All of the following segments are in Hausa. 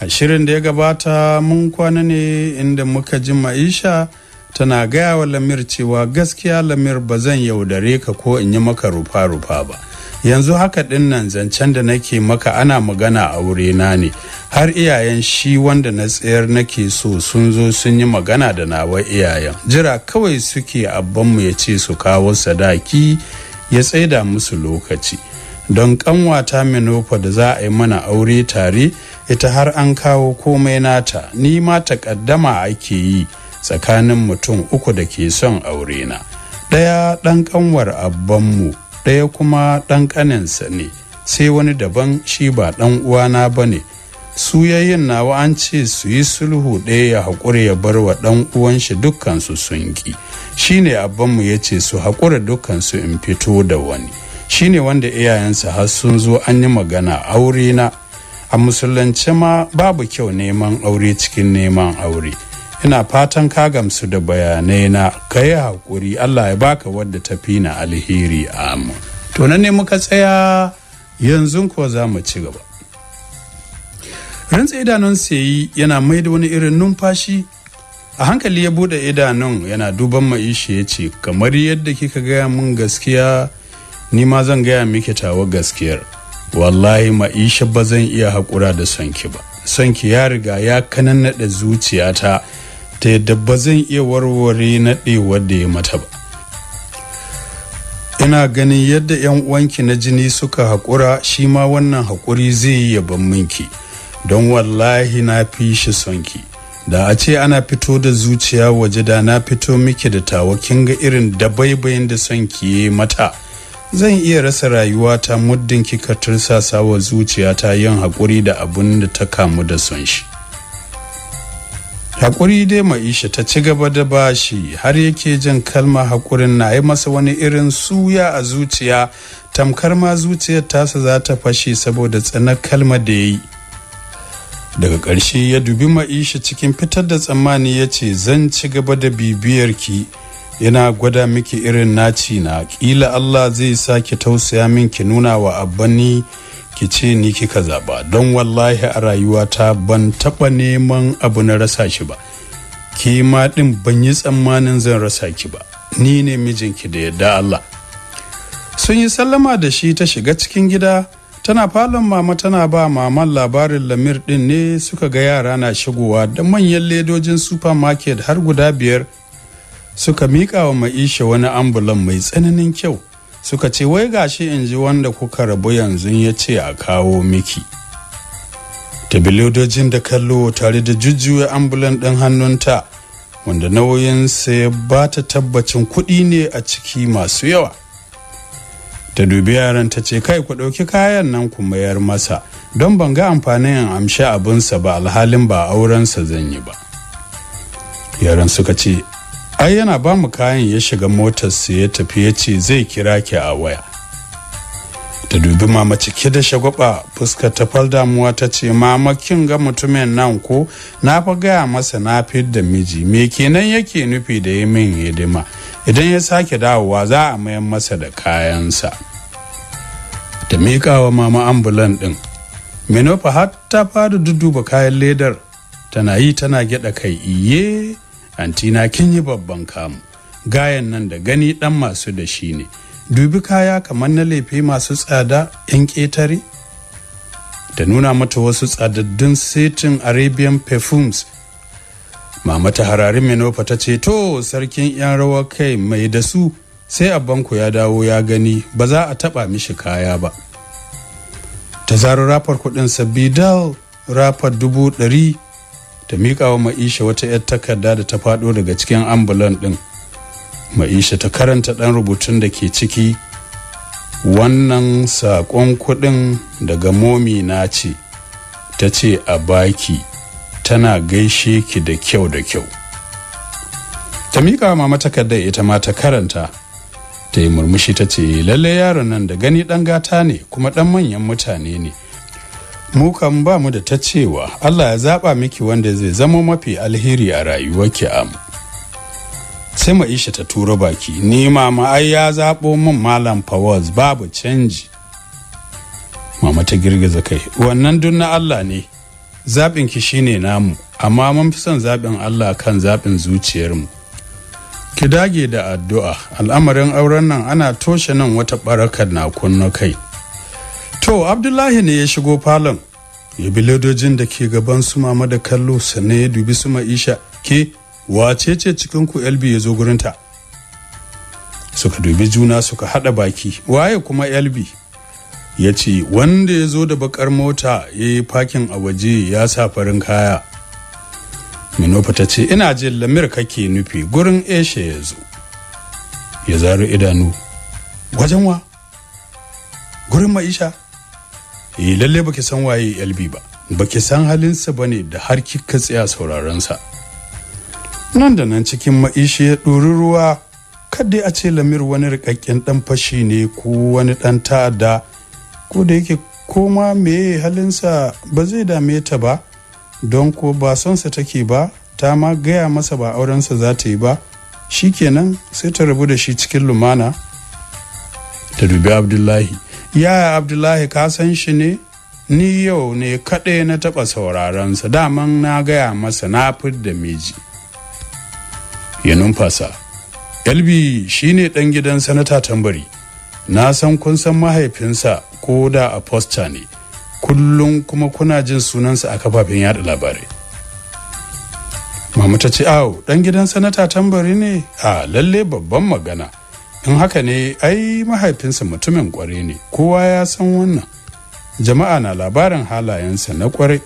a shirin da ya gabata mun kwana ne inda muka ji maisha tana gaya wa lamir cewa gaskiya lamir ba zan yaudare ka ko in yi maka rufa-rufa ba yanzu haka dinnan zancen da nake maka ana magana a wuri na ne har iyayen shi wanda na tsayar nake so sun zo sun yi magana da nawa iyayen jira kawai suke abbanmu ya ce su kawo sadaki ya tsaida musu lokaci don kanwata minofa da za a yi mana aure tare ita har an kawo komai nata ni ma takaddama ake yi tsakanin mutum uku da ke son aure na ɗaya ɗan kanwar abbanmu ɗaya kuma ɗan ƙaninsa ne sai wani daban shi ba ɗan uwana ba ne su yayin nawa an ce su yi sulhu ɗaya ya haƙura ya bar wa ɗan uwan shi dukkansu sun ƙi shine abbanmu ya ce su haƙura dukkansu in fito da wani shine wanda iyayensa har sun zo an yi magana aure na a musulunci ma babu kyau neman aure cikin neman aure ina fatan ka gamsu da bayanai na ka yi haƙuri allah ya baka wadda ta fi na alheri amu to nan ne muka tsaya yanzu ko za mu ci gaba rantsa idanun sayi yana mai da wani irin numfashi a hankali ya buɗe idanun yana duban ma'ishi ya ce kamar yadda kika gaya mun gaskiya ni ma zan gaya miki tawa gaskiyar wallahi ma'isha ba zan iya hakura da sanki ba sanki ya riga ya kanannaɗa zuciyata ta yadda ba zan iya warware naɗewa da ya mata ba ina ganin yadda 'yan uwanki na jini suka haƙura shi ma wannan haƙuri zai yi yaban minki don wallahi na fi shi sonki da a ce ana fito da zuciya waje da na fito miki da tawa kinga ga irin dabaibayin da son ki mata zan iya rasa rayuwata muddin kika tursasa wa zuciyata yin haƙuri da abun da ta kamu da son shi haƙuri dai ma'isha ta ci gaba da bashi har yake jin kalma haƙurin na yi masa wani irin suya a zuciya tamkar ma zuciyar tasa za ta fashe saboda tsanar kalma da ya yi daga ƙarshe ya dubi ma'isha cikin fitar da tsammani ya ce zan ci gaba da bibiyarki. ki yana gwada miki irin naci na kila Allah zai sake tausaya min ki nuna wa abbani ki ce ni kika zaba don wallahi a rayuwata ban taɓa neman abu na rasa shi ba ki ma din ban yi tsammanin zan rasa ki ba ni ne mijinki da yadda Allah sun yi sallama da shi ta shiga cikin gida tana falon mama tana ba maman labarin lamir din ne suka ga yara na shigowa da manyan ledojin supermarket har guda biyar suka miƙa wa ma'isha wani ambulan mai tsananin kyau suka ce wai gashi in ji wanda kuka rabu yanzu ya ce a kawo miki Ta tabilodojin da kallo tare da jujjuya ambulan ɗin hannunta wanda nauyinsa ya ba ta tabbacin kuɗi ne a ciki masu yawa ta dubi yaran ta ce kai ku ɗauki kayan nan ku mayar masa don ban ga amfanin amshi abinsa ba alhalin ba aurensa zan yi ba yaran suka ce ai yana ba mu kayan ya shiga motarsa ya tafi ya ce zai kira ki a waya ta dubi mama cike da shagwaba fuskar ta fal damuwa ta ce mama kin ga mutumin nan ko na fa gaya masa na fi da miji me kenan yake nufi da ya min hidima idan ya sake dawowa za a mayan masa da kayansa ta miƙawa wa mama ambulan ɗin menofa har ta fara dudduba kayan ledar tana yi tana gyaɗa kai iye antina kin yi babban kamu gayan nan da gani dan masu da shi ne dubi kaya kamar na lefe masu tsada yan ƙetare da nuna mata wasu tsadaddun setin arabian perfumes mama ta harari menofa ta ce to sarkin yan rawa kai mai da su sai banku ya dawo ya gani ba za a taba mishi kaya ba ta zaro rafar kudin sabidal rafar dubu ɗari ta miƙa wa ma'isha wata 'yar takarda da ta faɗo daga cikin ambulan ɗin ma'isha ta karanta ɗan rubutun da ke ciki wannan saƙon kuɗin daga momi na ce ta ce a baki tana gaishe ki da kyau da kyau ta miƙa mama takardar ita ma ta karanta ta yi murmushi ta ce lallai yaron nan da gani ɗan gata ne kuma ɗan manyan mutane ne mu kan ba mu da ta cewa Allah ya zaba miki wanda zai zama mafi alheri a rayuwarki am sai Maisha ta tura baki ni mama ai ya zabo min malam Fawaz babu canji mama ta girgiza kai wannan dun na Allah ne zabin ki shine namu amma mun fi son zabin Allah kan zabin zuciyarmu ki dage da addu'a al'amarin auren nan ana toshe nan wata barakar na kunna kai to abdullahi ne ya shigo falon ya bi ledojin da ke gaban su mama da kallo sannan ya dubi su ma'isha ke wace ce cikin ku lb ya zo gurinta suka dubi juna suka hada baki waye kuma lb ya ce wanda ya zo da bakar mota ya yi fakin a waje ya sa farin kaya minofa ta ce ina jin lamir kake nufi gurin eshe ya zo ya zaro idanu wajen wa gurin maisha eh lalle baki san waye LB ba baki san halinsa bane da har kika tsaya sauraron sa nan da nan cikin maishi ya ɗori ruwa kada a ce lamir wani rikakken dan fashi ne ko wani dan ta'adda ko da yake koma meye halinsa ba zai dame ta ba don ko ba sonsa take ba ta ma gaya masa ba aurensa za ta yi ba shikenan sai ta rabu da shi cikin lumana ta dubi abdullahi ya abdullahi ka san shi ne ni yau ne kaɗai na taɓa saurarensa daman na gaya masa na da miji ya numfasa elbi ne ɗan gidan sanata tambari na san kun san mahaifinsa ko da a aposta ne kullum kuma kuna jin sunansa a kafafen yada labarai mamu ta ce awo ɗan gidan sanata tambari ne a lalle babban magana in haka ne ai mahaifinsa mutumin kware ne kowa ya san wannan jama'a na labarin halayensa na kware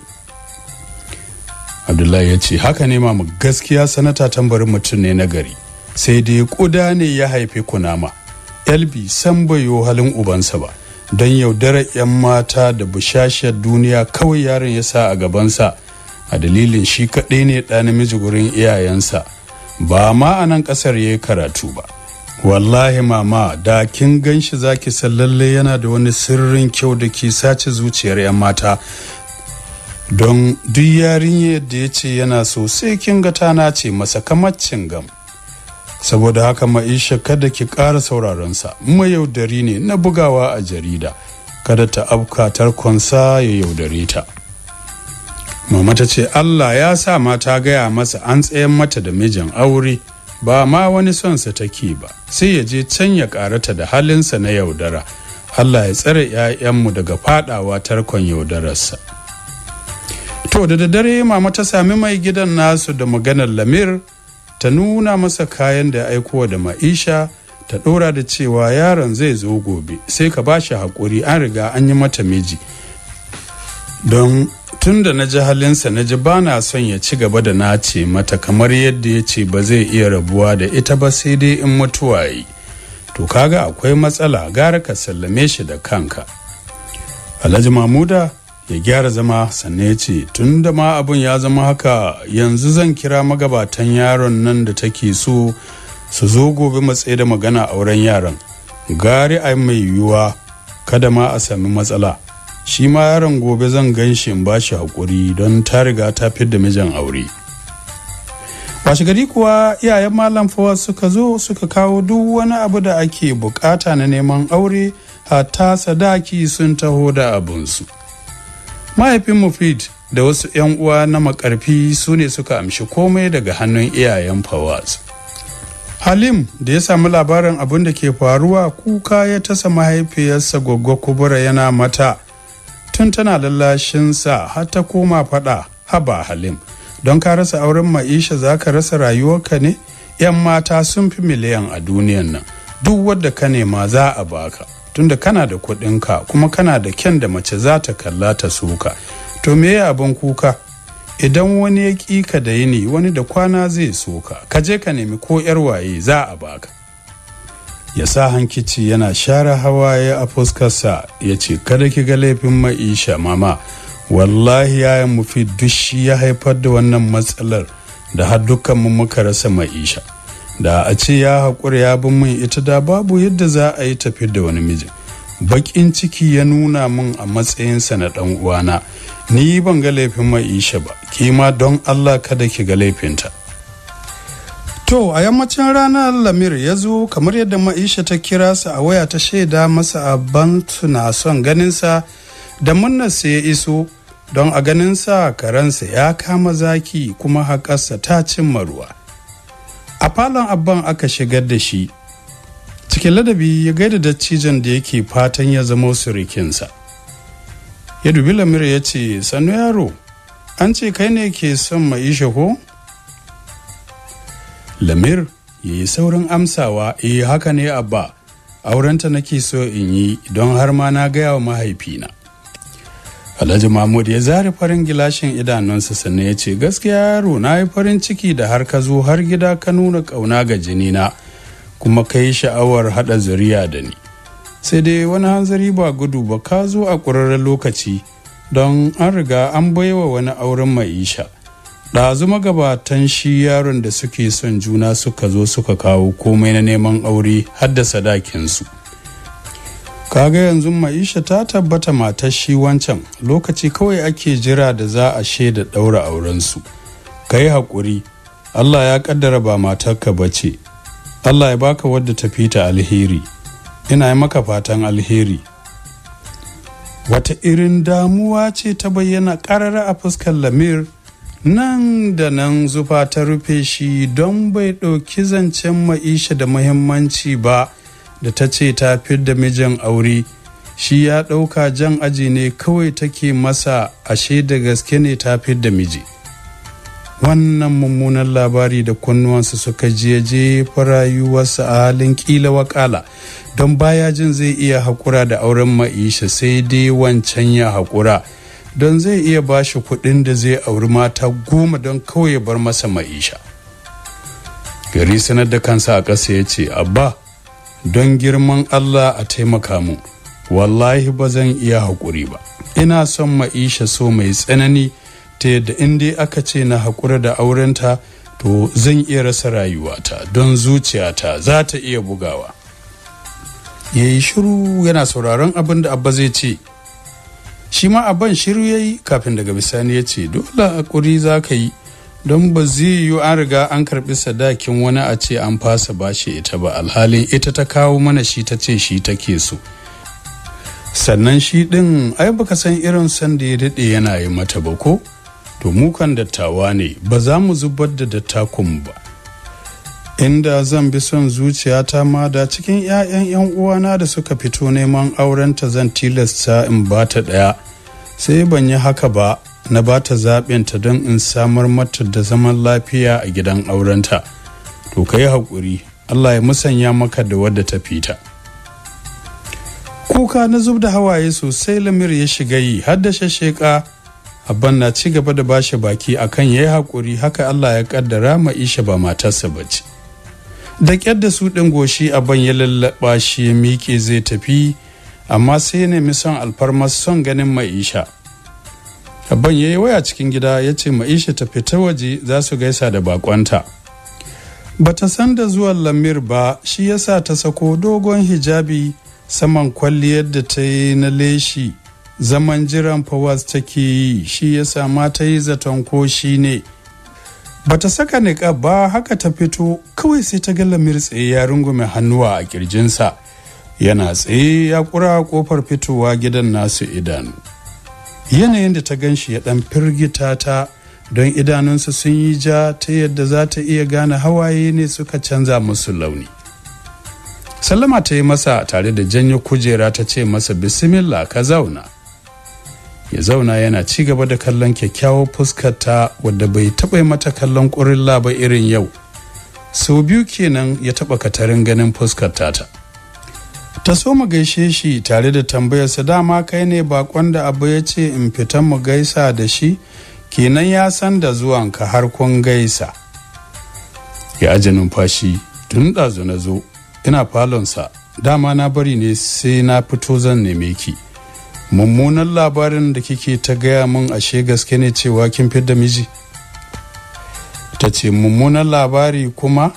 abdullahi ya ce haka ne mu gaskiya sanata tambarin mutum ne na gari sai dai kuda ne ya haifi kunama yalbi san bayo halin ubansa ba don yaudarar 'yan mata da bushashiyar duniya kawai yaron ya sa a gabansa a dalilin shi kaɗai ne ɗa namiji gurin iyayensa ba ma a nan ƙasar ya yi karatu ba wallahi mama da kin gan shi zaki san lalle yana da wani sirrin kyau da ke sace zuciyar 'yan mata don duk yarinya da ya ce yana so sai kin ga tana ce masa kamar gam saboda haka ma'isha kada ki ƙara mu yaudari ne na bugawa a jarida kada ta afka tarkonsa ya yaudare ta mama ta ce allah ya sa mata gaya masa an tsayen mata da mijin aure ba ma wani son sa take ba sai ya je can ya karata da halinsa na yaudara Allah ya tsare 'ya'yanmu daga fadawa tarkon yaudararsa to da daddare mama ta sami mai gidan nasu da maganar lamir ta nuna masa kayan da ya aikowa da ma'isha ta ɗora da cewa yaron zai zo gobe sai ka bashi shi haƙuri an riga an yi mata miji don tun da na ji halinsa na ji ba na son ya ci gaba da nace mata kamar yadda ya ce ba zai iya rabuwa da ita ba sai dai in mutuwa yi to kaga akwai matsala gara ka sallame shi da kanka alhaji mamuda ya gyara zama sannan ya ce tun da ma abin ya zama haka yanzu zan kira magabatan yaron nan da take so su zo gobe matsayi da magana auren yaran gari a mai yiwuwa kada ma a sami matsala shi ma yaron gobe zan gan shi in ba shi haƙuri don ta riga ta fi da mijin aure washe gari kuwa iyayen malam fawa suka zo suka kawo duk wani abu da ake bukata na neman aure hatta sadaki sun taho da abinsu. mahaifin mufid da wasu 'yan uwa na makarfi su ne suka amshi komai daga hannun iyayen fawaz halim da ya sami labarin abin da ke faruwa kuka ya tasa mahaifiyarsa gwaggwa kubura yana mata tun tana sa har ta koma faɗa haba halim don ka rasa auren ma'isha za ka rasa rayuwarka ne 'yan mata sun fi miliyan a duniyan nan duk wadda ka nema za a baka tunda kana da kuɗinka kuma kana da kyan da mace za ta kalla ta suka to me ya abin kuka idan wani ya ƙi ka da yini wani da kwana zai soka ka je ka nemi ko 'yar waye za a baka ya sa hankici yana share hawaye a fuskarsa ya ce kada ki ga laifin ma'isha mama wallahi yayan mufi dushi ya haifar da wannan matsalar da har dukkanmu muka rasa ma'isha da a ce ya haƙura ya bin min ita da babu yadda za a yi tafi da wani miji baƙin ciki ya nuna min a matsayinsa na ɗan uwana ni ban ga laifin ma'isha ba kima don allah kada ki ga laifinta To a yammacin ranar Lamir ya zo kamar yadda Maisha ta kira sa a waya ta shaida masa a na son ganinsa da munnarsa ya iso don a ganinsa karansa ya kama zaki kuma haƙarsa ta cimma ruwa. A falon abban aka shigar da shi cikin ladabi ya gaida dattijan da yake fatan ya zama surikinsa. Ya dubi Lamir ya ce, sannu yaro, an ce kai ne ke son Maisha ko? lamir ya yi saurin amsawa eh haka ne abba aurenta nake so in yi don har ma na gaya wa mahaifina alhaji mahmud ya zari farin gilashin idanunsa sannan ya ce gaskiya yaro na yi farin ciki da har ka zo har gida ka nuna ƙauna ga jini na, kuma ka yi sha'awar haɗa zuriya da ni sai dai wani hanzari ba gudu ba ka zo a ƙurarren lokaci don an riga an baiwa wani auren maisha ɗazu magabatan shi yaron da suke son juna suka zo suka kawo komai na neman aure har da sadakinsu kaga yanzu maisha ta tabbata matar shi wancan lokaci kawai ake jira da za a shaida ɗaura aurensu ka yi haƙuri allah ya ƙaddara ba matarka ba ce allah ya baka wadda ta fita alheri ina yi maka fatan alheri wata irin damuwa ce ta bayyana ƙarara a fuskar lamir nan da nan zufa ta rufe shi don bai ɗauki zancen ma'isha da muhimmanci ba da ta ce ta da mijin aure shi ya ɗauka jan aji ne kawai take masa ashe da gaske ne ta da miji wannan mummunan labari da kunnuwansa suka je farayuwarsa rayuwarsa a halin kila wakala don baya jin zai iya haƙura da auren ma'isha sai dai wancan ya haƙura don zai iya ba shi kuɗin da zai auri mata goma don kawai bar masa ma'isha gari sanar da kansa a ƙasa ya ce abba don girman allah a taimaka mu wallahi ba zan iya haƙuri ba ina son ma'isha so mai tsanani ta yadda in dai aka ce na haƙura da aurenta to zan iya rasa rayuwata don zuciyata za ta iya bugawa ya yi shiru yana sauraron abin da abba zai ce shi ma ban shiru ya yi kafin daga bisani ya ce dole hakuri za ka yi don ba zai yi an riga an karbi sadakin wani a ce an fasa bashi ita ba alhalin ita ta kawo mana shi ta ce shi take so sannan shi ɗin ai baka san irin san da ya daɗe yana yi mata ba ko to mukan dattawa ne ba za mu zubar da dattakun ba inda zan bi son zuciyata ma da cikin 'ya'yan 'yan uwana da suka fito neman aurenta zan tilasta in ba ta ɗaya sai ban yi haka ba na ba ta ta don in samar mata da zaman lafiya a gidan aurenta to ka yi haƙuri allah ya musanya maka da wadda ta fita kuka na zub da hawaye sosai lamir ya shiga yi har da shasheka abban na ci gaba da bashi baki akan ya yi haƙuri haka allah ya ƙaddara isha ba matarsa ba ce da kyar da su ɗin goshi a ban ya lallaɓa shi ya miƙe zai tafi amma sai ya nemi son alfarmar son ganin ma'isha ban ya yi waya cikin gida ya ce ma'isha ta fita waje za su gaisa da bakonta bata san da zuwan lamir ba shi yasa ta sako dogon hijabi saman kwalliyar da ta yi na leshi zaman jiran fawas take yi shi yasa ma ta yi zaton ko shi ne bata saka niƙa ba haka ta fito kawai sai ta ga lamir tsaye ya rungume hannuwa a kirjinsa yana tsaye ya kura kofar fitowa gidan nasu idan yanayin da ta ganshi ya dan firgita ta don idanunsa sun yi ja ta yadda za ta iya gane hawaye ne suka canza musu launi sallama ta yi masa tare da janyo kujera ta ce masa bismillah ka zauna ya zauna yana ci gaba da kallon kyakkyawar ta wadda bai taɓa mata kallon ƙurilla ba irin yau sau biyu kenan ya taɓa katarin ganin fuskar ta. ta so mu gaishe shi tare da tambayarsa dama kai ne bakon da abu ya ce in fita mu gaisa da shi kenan ya san da zuwanka har kun gaisa ya aji numfashi tun ɗazu na zo ina falonsa dama na bari ne sai na fito zan neme ki mummunan labarin da kike ta gaya min ashe gaske ne cewa kin fidda miji ta ce mummunan labari kuma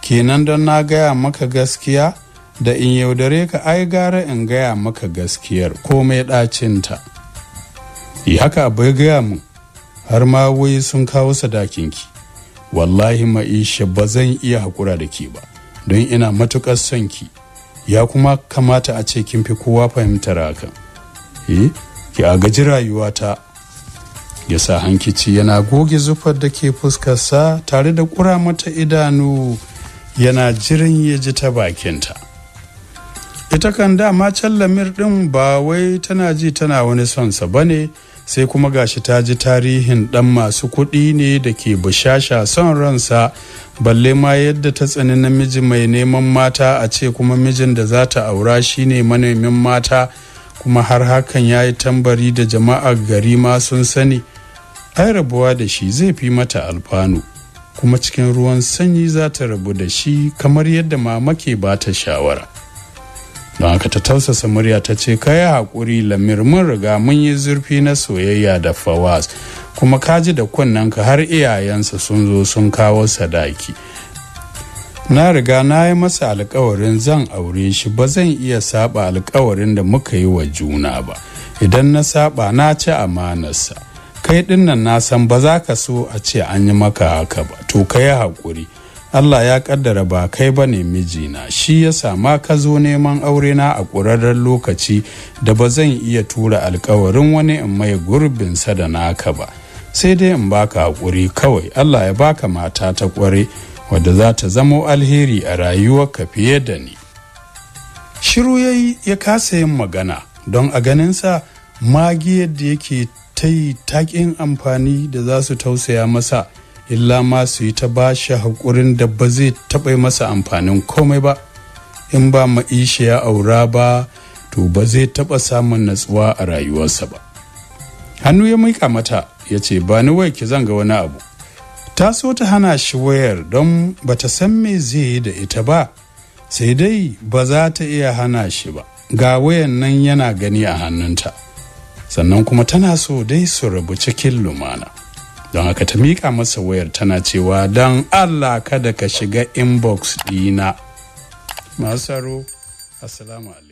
kenan don na gaya maka gaskiya da in yaudare ka ai gara in gaya maka gaskiyar komai ɗacinta yi haka bai gaya min har ma wai sun kawo sadakinki wallahi ma'isha ba zan iya haƙura da ke ba don ina matuƙar son ki ya kuma kamata a ce kin fi kowa fahimtar hakan eh ya gaji rayuwata ya sa hankici yana goge zufar da ke fuskarsa tare da kura mata idanu yana jiran ya ji ta bakinta ita kan dama can lamir ɗin ba wai tana ji tana wani sonsa ba ne sai kuma gashi ta ji tarihin ɗan masu kuɗi ne da ke bushasha son ransa balle ma yadda ta tsani namiji mai neman mata a ce kuma mijin da za ta aura shine manemin mata kuma har hakan ya yi tambari da jama'a gari ma sun sani ai rabuwa da shi zai fi mata alfanu kuma cikin ruwan sanyi za ta rabu da shi kamar yadda mama ke ba ta shawara don haka ta tausasa murya ta ce ka yi haƙuri lamir mun riga mun yi zurfi na soyayya da fawaz kuma kaji da kunnen har iyayensa sun zo sun kawo sadaki na riga na yi masa alkawarin zan aure shi ba zan iya saba alkawarin da muka yi wa juna ba idan na saba na ci amanarsa kai dinnan na san ba za ka so a ce an yi maka haka ba to ka yi haƙuri allah ya kaddara ba kai ba ne mijina shi ya sama ka zo neman aure na a ƙurarren lokaci da ba zan iya tura alkawarin wani in mai gurbinsa da naka ba sai dai in baka haƙuri kawai allah ya baka mata ta ƙware wadda za ta zamo alheri a rayuwa ka fiye da ni shiru ya yi ya kasa yin magana don a ganinsa magi yadda yake ta yi taƙin amfani da za su tausaya masa illa ma su yi ta ba shi haƙurin da ba zai taɓa masa amfanin komai ba in ba ma'isha ya aura ba to ba zai taɓa samun natsuwa a rayuwarsa ba hannu ya miƙa mata ya ce ba ni wai ki zanga wani abu ta so ta hana shi wayar don ba ta san me zai yi da ita ba sai dai ba za ta iya hana shi ba ga wayan nan yana gani a hannunta sannan kuma tana so dai su rabu cikin lumana don haka ta miƙa masa wayar tana cewa don allah kada ka shiga inbox dina masaro assalamu alaikum